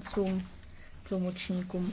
poslancům, tlumočníkům